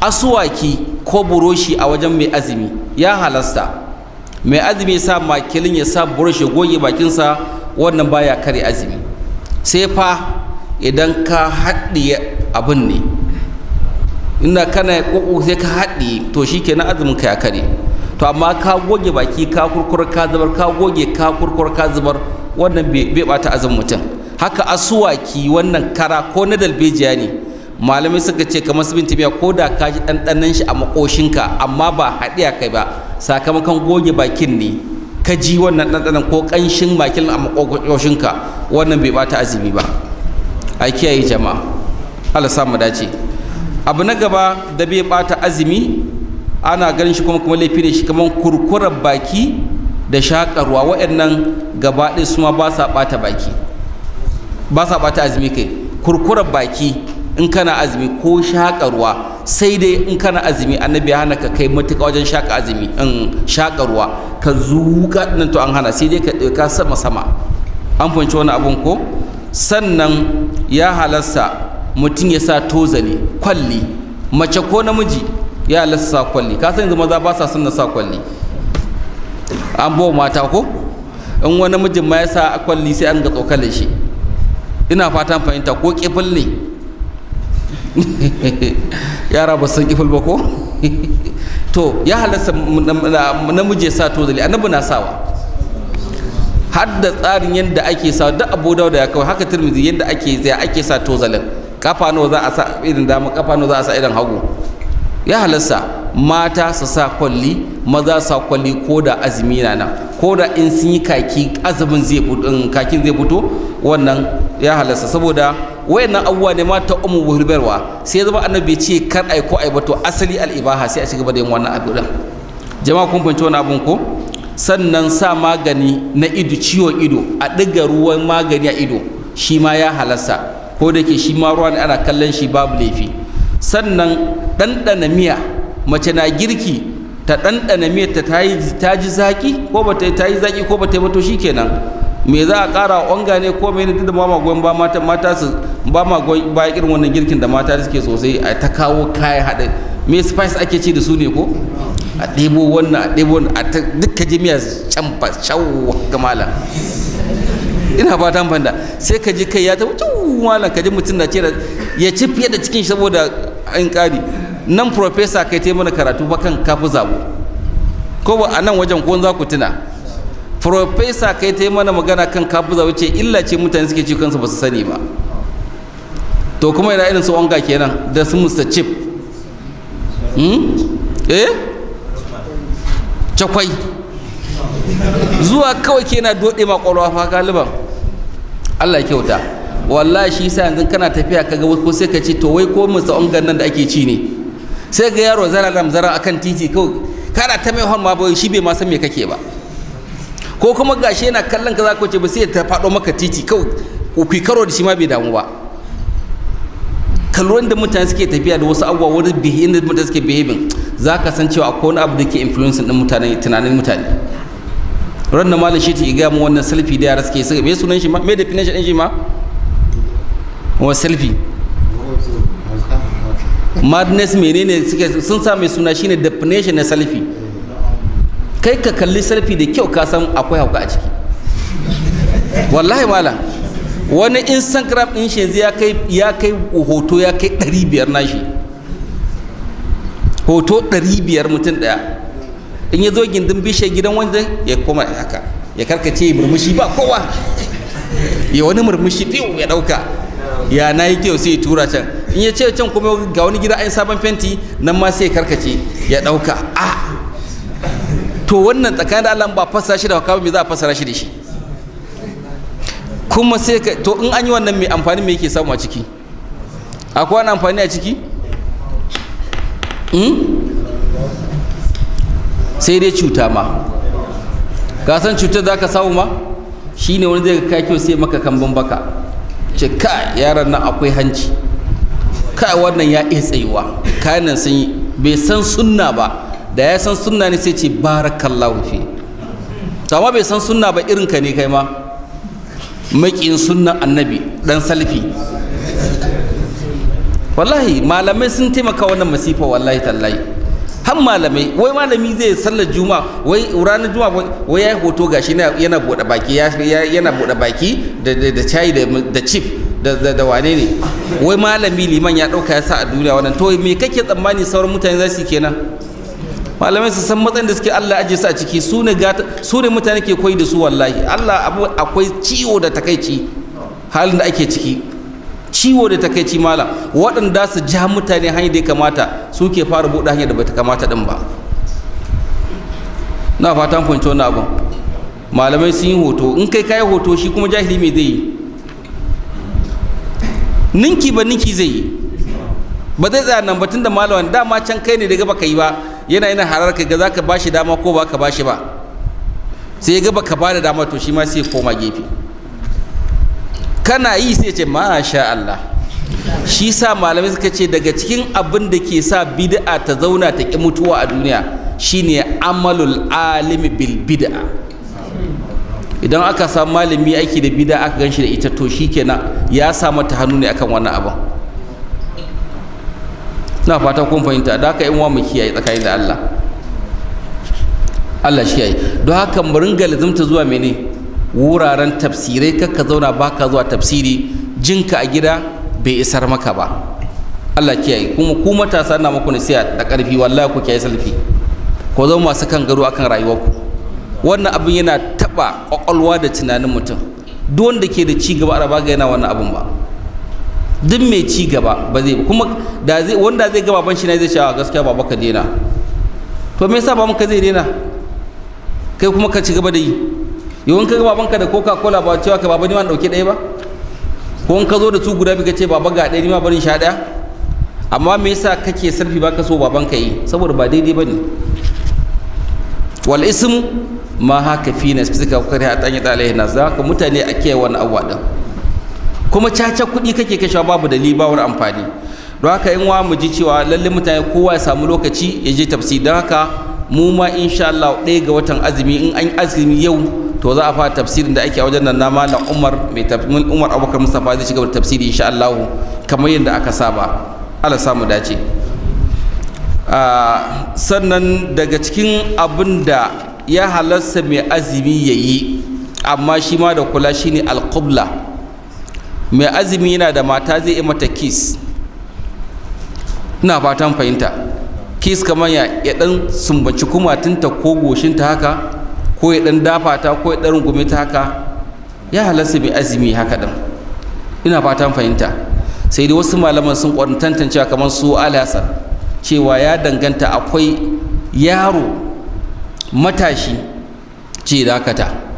asuwaki ko buroshi a wajen mai azumi ya halasta mai azumi sa makilin ya sa buroshi goge bakinsa wannan baya kare azumi sai fa idan ka haɗiye abin ne ina kana ƙoƙo sai ka haɗi to shi ke na azumin ka ya kare to amma ka goge baki ka kurkur ka zubar ka goge ka kurkur ka zubar wannan bai bata azumin mutum haka asuwaki wannan kara ko na dalbejiya ne malamai suka ce kamar su bintibiya ko da ka ji ɗanɗanan shi a makoshinka amma ba haɗiya kai ba sakamakon goge bakin ne ka ji wannan ɗanɗanan ko ƙanshin bakin a makoshinka wannan bai bata azumi ba a kiyaye jama'a Allah samu dace abu na gaba da bai bata azumi ana ganin shi kuma kuma laifi ne shi kamar kurkurar baki da shakarwa waɗannan gaba ɗaya su ma ba sa ɓata baki ba sa ɓata azumi kai kurkurar baki in kana azumi ko shaƙa ruwa sai dai in kana azumi annabi ya hana ka kai matuƙa wajen shaƙa azumi in shaƙa ruwa ka zuƙa ɗin to an hana sai dai ka ɗauka sama sama an fahimci wani abun ko sannan ya halasta mutum ya sa tozali kwalli mace ko namiji ya halasta sa kwalli ka san yanzu maza ba sa son na sa kwalli an bawa mata ko in wani mijin ma ya sa kwalli sai an ga tsokalar shi ina fatan fahimta ko kifin ne yara ba san kifal ba ko to ya halasta namiji ya sa tozali annabi na sawa har da tsarin yadda ake sa duk abu da ya kawai haka turmizi yadda ake zai ake sa tozalin kafa nawa za a sa irin dama kafa nawa za a sa irin hagu ya halasta mata su sa kwalli maza sa kwalli ko da azumi na nan ko da in sun yi kaki azumin zai fito kakin zai fito wannan ya halasta saboda na abubuwa ne mata umu wulbarwa sai zama annabi ce kar ai ko ai bato asali al'ibaha sai a ci gaba da yin wannan abu din jama'a kun fahimci wannan abun ko sannan sa magani na ido ciwon ido a ɗiga ruwan magani a ido shi ma ya halasta ko da ke shi ma ruwa ne ana kallon shi babu laifi sannan ɗanɗana miya mace na girki ta ɗanɗana miya ta ta ji zaƙi ko ba ta yi zaƙi ko ba ta yi bato to shikenan me za a ƙara wanga ne ko me ne da mama goyon ba mata mata su ba ma ba irin wannan girkin da mata suke sosai a ta kawo kayan haɗe me spice ake ci da su ne ko a ɗebo wannan a ɗebo a ta dukkan ji miya can ba shawo ga malam ina ba ta fanda sai ka ji kai ya ta wuce malam ka ji mutum na ce ya ci fiye da cikin shi saboda an ƙari nan profesa kai ta mana karatu ba kan kafi zabo ko ba a nan wajen ko za ku tuna profesa kai ta mana magana kan kafi zabo ce illa ce mutane suke ci kansu ba su sani ba to kuma yana irin su wanga kenan da su Mr. Chip hmm? eh cakwai zuwa kawai kenan dode ma kwalwa fa galiban Allah ya kyauta wallahi shi sa yanzu kana tafiya kaga ko sai ka ce to wai ko musta Ongan nan da ake ci ne sai ga yaro zara ramzara akan titi kawai kana ta mai hon ma bai shi bai ma san me kake ba ko kuma gashi yana kallon ka za ka wuce ba sai ta faɗo maka titi kawai ku karo da shi ma bai damu ba kalluran da mutane suke tafiya da wasu abubuwa wani bihin da mutane suke behaving za ka san cewa akwai wani abu da ke influence din mutane tunanin mutane ran da malam shi ta gaya mu wannan selfie da yara suke suka me sunan shi ma me definition din shi ma wa selfie madness menene suke sun sa mai suna shine definition na selfie kai ka kalli selfie da kyau ka san akwai hauka a ciki wallahi malam wani instagram ɗin shi ya kai hoto ya kai 500 nashi hoto 500 mutum ɗaya in ya zo gindin bishe gidan wanda ya koma haka ya karkace ya murmushi ba kowa ya wani murmushi biyu ya ɗauka ya na yi kyau sai ya tura can in ya ce can kuma ga wani gida ayin sabon fenti nan ma sai ya karkace ya ɗauka a ah! to wannan tsakanin da Allah ba fasa shi da hauka me za a fasa shi da shi kuma sai ka to in an yi wannan mai amfani me yake samu a ciki akwai wani amfani a ciki hmm? sai dai cuta ma ka san cutar za ka samu ma shi ne wani zai ka kyau sai maka kambun baka ce ka yaran nan akwai hanci ka wannan ya iya tsayuwa kayan nan sun yi bai san sunna ba da ya san sunna ne sai ce barakallahu fi to amma bai san sunna ba irinka ne kai ma makin sunnan annabi dan salfi wallahi malamai sun taimaka wannan masifa wallahi tallahi har malamai wai malami zai sallar juma wai ranar juma wai ya hoto gashi yana bude baki yana bude baki da chai da chip da wane ne wai malami liman ya dauka ya sa a duniya wannan to me kake tsammani sauran mutane za su kenan malamai su san matsayin da suke Allah ajiye su a ciki su ne su ne mutane ke koyi da su wallahi Allah abu akwai ciwo da takaici halin da ake ciki ciwo da takaici malam waɗanda su ja mutane hanyar da ya kamata su ke fara buɗe hanyar da ta kamata din ba na fatan fahimci wannan abun malamai sun yi hoto in kai kai hoto shi kuma jahili me zai yi ninki ba ninki zai yi ba zai tsaya nan batun da malam dama can kai ne daga baka yi ba yana yana harar ka ga za ka bashi dama ko ba ka bashi ba sai ya gaba ka ba da dama to shi ma sai koma gefe kana yi sai ce masha Allah shi sa malamai suka ce daga cikin abin da ke sa bid'a ta zauna ta ki mutuwa a duniya shine amalul alimi bil bid'a idan aka samu malami aiki da bid'a aka gan shi da ita to shi shikenan ya sa mata hannu ne akan wannan abin na fata kun fahimta da haka yan uwa mu kiyaye tsakanin da Allah Allah shi yayi don haka mu ringa lazumta zuwa mene wuraren tafsirai ka zauna baka zuwa tafsiri jinka a gida bai isar maka ba Allah kiyaye kuma ku matasa ina muku nasiha da ƙarfi wallahi ku kiyaye salfi ko zama masu kan gado akan rayuwarku wannan abin yana taɓa kwakwalwa da tunanin mutum duk wanda ke da ci gaba a raba ga yana wannan abin ba duk mai ci gaba ba zai kuma da zai wanda zai gaba ban shi ne zai shawa gaskiya baba ka daina to me yasa baban ka zai daina kai kuma ka ci gaba da yi yawan ka baban ka da coca cola ba cewa ka baba ni ma dauke daya ba ko in ka zo da su guda biyu ka ce baba ga ɗaya ni ma barin sha daya amma me yasa kake sarfi ba ka so baban ka yi saboda ba daidai ba ne wal ism ma haka fi na ka kare a tanya ɗalayen na za ka mutane a kiyaye wani abuwa ɗin kuma caca kuɗi kake kashewa babu dalili wani amfani don haka in wa mu ji cewa lallai mutane kowa ya samu lokaci ya je tafsi don haka mu ma insha Allah ɗaya ga watan azumi in an azumi yau to za a fara tafsirin da ake a wajen nan na malam Umar mai tafsirin Umar Abubakar Mustafa zai shiga tafsiri insha Allah kamar yadda aka saba Allah samu dace ah, sannan daga cikin abin da ya halarsa mai azumi yayi amma shi ma da kula shine alqubla mai azumi yana da mata zai yi mata kiss ina fatan fahimta kiss kamar ya ya dan sumbanci kumatinta ko goshinta haka ko ya dan dafa ta ko ya dan rungume ta haka ya halasta mai azumi haka din ina fatan fahimta sai dai wasu malaman sun tantancewa kamar su alhassan cewa ya danganta akwai yaro matashi ce dakata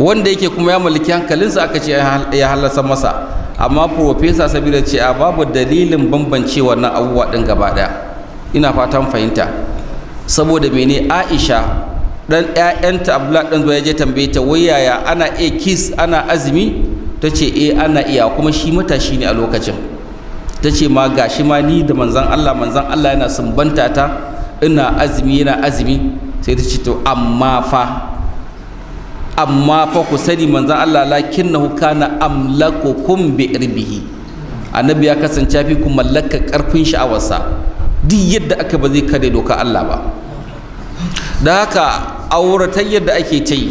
wanda yake kuma ya mallaki hankalinsa aka ce ya halasa masa amma profesa sabida ce a babu dalilin bambance wannan abubuwa din gaba daya ina fatan fahimta saboda mene aisha dan ƴaƴanta abdullahi dan zuwa je tambaye ta wai yaya ana a kiss ana azumi ta ce eh ana iya kuma shi matashi ne a lokacin ta ce ma gashi ma ni da manzan allah manzan allah yana sumbanta ta ina azumi yana azumi sai ta ce to amma fa amma fa ku sani manzan Allah lakinnahu kana amlakukum bi irbihi annabi ya kasance fi ku mallaka karfin sha'awarsa duk yadda aka ba zai kare doka Allah ba da haka auratayyar yadda ake ta yi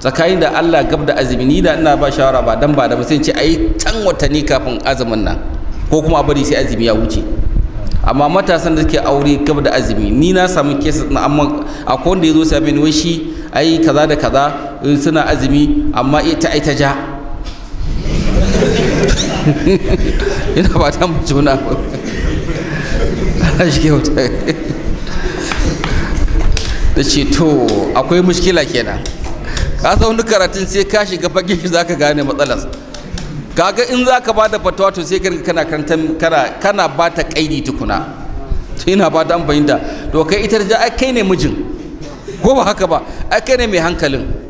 tsakanin da Allah gab da azumi ni da ina ba shawara ba dan ba da musin ce ai can watanni kafin azumin nan ko kuma a bari sai azumi ya wuce amma matasan da suke aure gab da azumi ni na samu kesa amma akwai wanda ya zo sami ni wai shi ai kaza da kaza suna azumi amma ita ita ja ina ba ta juna ba shi wata da ce to akwai mushkila kenan ka san wani karatun sai ka shiga fagen shi zaka gane matsalar kaga in zaka bada fatawa to sai kana kana kana ba ta kaidi tukuna ina ba da an fahimta to kai ita da ai kai ne mijin ko ba haka ba ai kai ne mai hankalin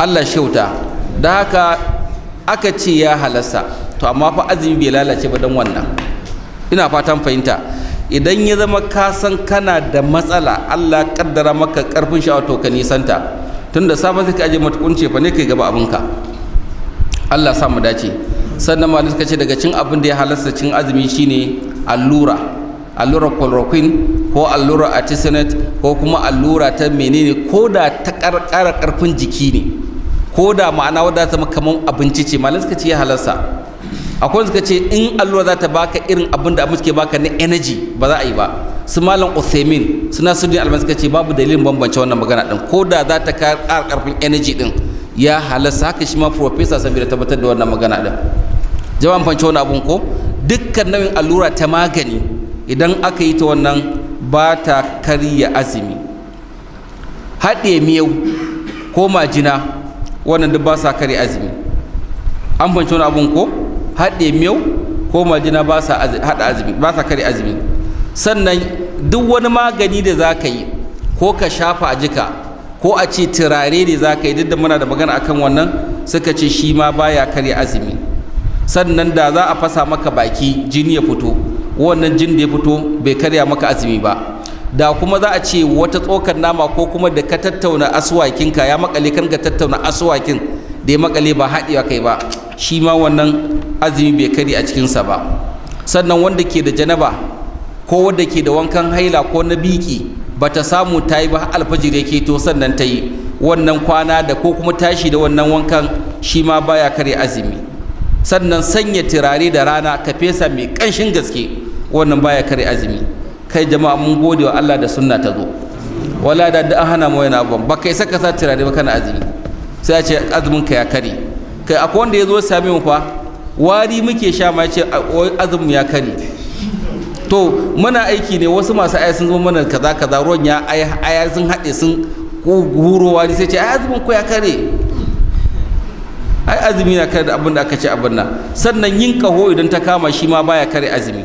Allah shauta da haka aka ce ya halasta to amma fa azumi bai lalace ba don wannan ina fatan fahimta idan ya zama ka san kana da matsala Allah kaddara maka karfin sha'awa to ka nisanta tunda da safe sai ka aje matukunce fa ne kai gaba abinka Allah sa mu dace sannan ma ka ce daga cin abin da ya halasta cin azumi shine allura allura chloroquine ko allura artisanate ko kuma allura ta menene ko da ta karkara karfin jiki ne ko da ma'ana wadda ta kamar abinci ce malin suka ce ya halarsa akwai suka ce in allura za ta baka irin abin da abin baka na energy ba za a yi ba su malam uthaymin suna nasiruddin alman suka ce babu dalilin bambance wannan magana din ko da za ta ƙara ƙarfin energy din ya halarsa haka shi ma professor saboda tabbatar da wannan magana din jama'an fahimci wani abun ko dukkan nau'in allura ta magani idan aka yi ta wannan ba ta karya azumi haɗe miyau ko majina wannan duk ba sa kare azumi an fahimci wani abun ko haɗe miyau ko majina ba sa haɗa azumi ba sa kare azumi sannan duk wani magani da za ka yi ko ka shafa a jika ko a ce turare ne za ka yi duk da muna da magana akan wannan suka ce shi ma baya karya azumi sannan da za a fasa maka baki jini ya fito wannan jin da ya fito bai karya maka azumi ba da kuma za a ce wata tsokar nama ko kuma da ka tattauna asuwakin ka ya makale kan ka tattauna asuwakin da ya makale ba haɗewa kai ba shi ma wannan azumi bai kari a cikinsa ba sannan wanda ke da janaba ko wanda ke da wankan haila ko na biki ba ta samu ta yi ba alfajir yake to sannan ta yi wannan kwana da ko kuma tashi da wannan wankan shi ma baya kare azumi sannan sanya turare da rana ka fesa mai ƙanshin gaske wannan baya kare azumi kai jama'a mun gode wa Allah da sunna ta zo wala da da hana mu yana ban ba kai saka sa turare ba kana azumi sai ya ce azumin ka ya kare kai akwai wanda ya zo sami mu fa wari muke sha ma ce azumin ya kare to muna aiki ne wasu masu aya sun zo mana kaza kaza ruwan ya aya sun haɗe sun guro wari sai ce ai azumin ku ya kare ai azumi na kare da abin da aka ce abin nan sannan yin kaho idan ta kama shi ma baya kare azumi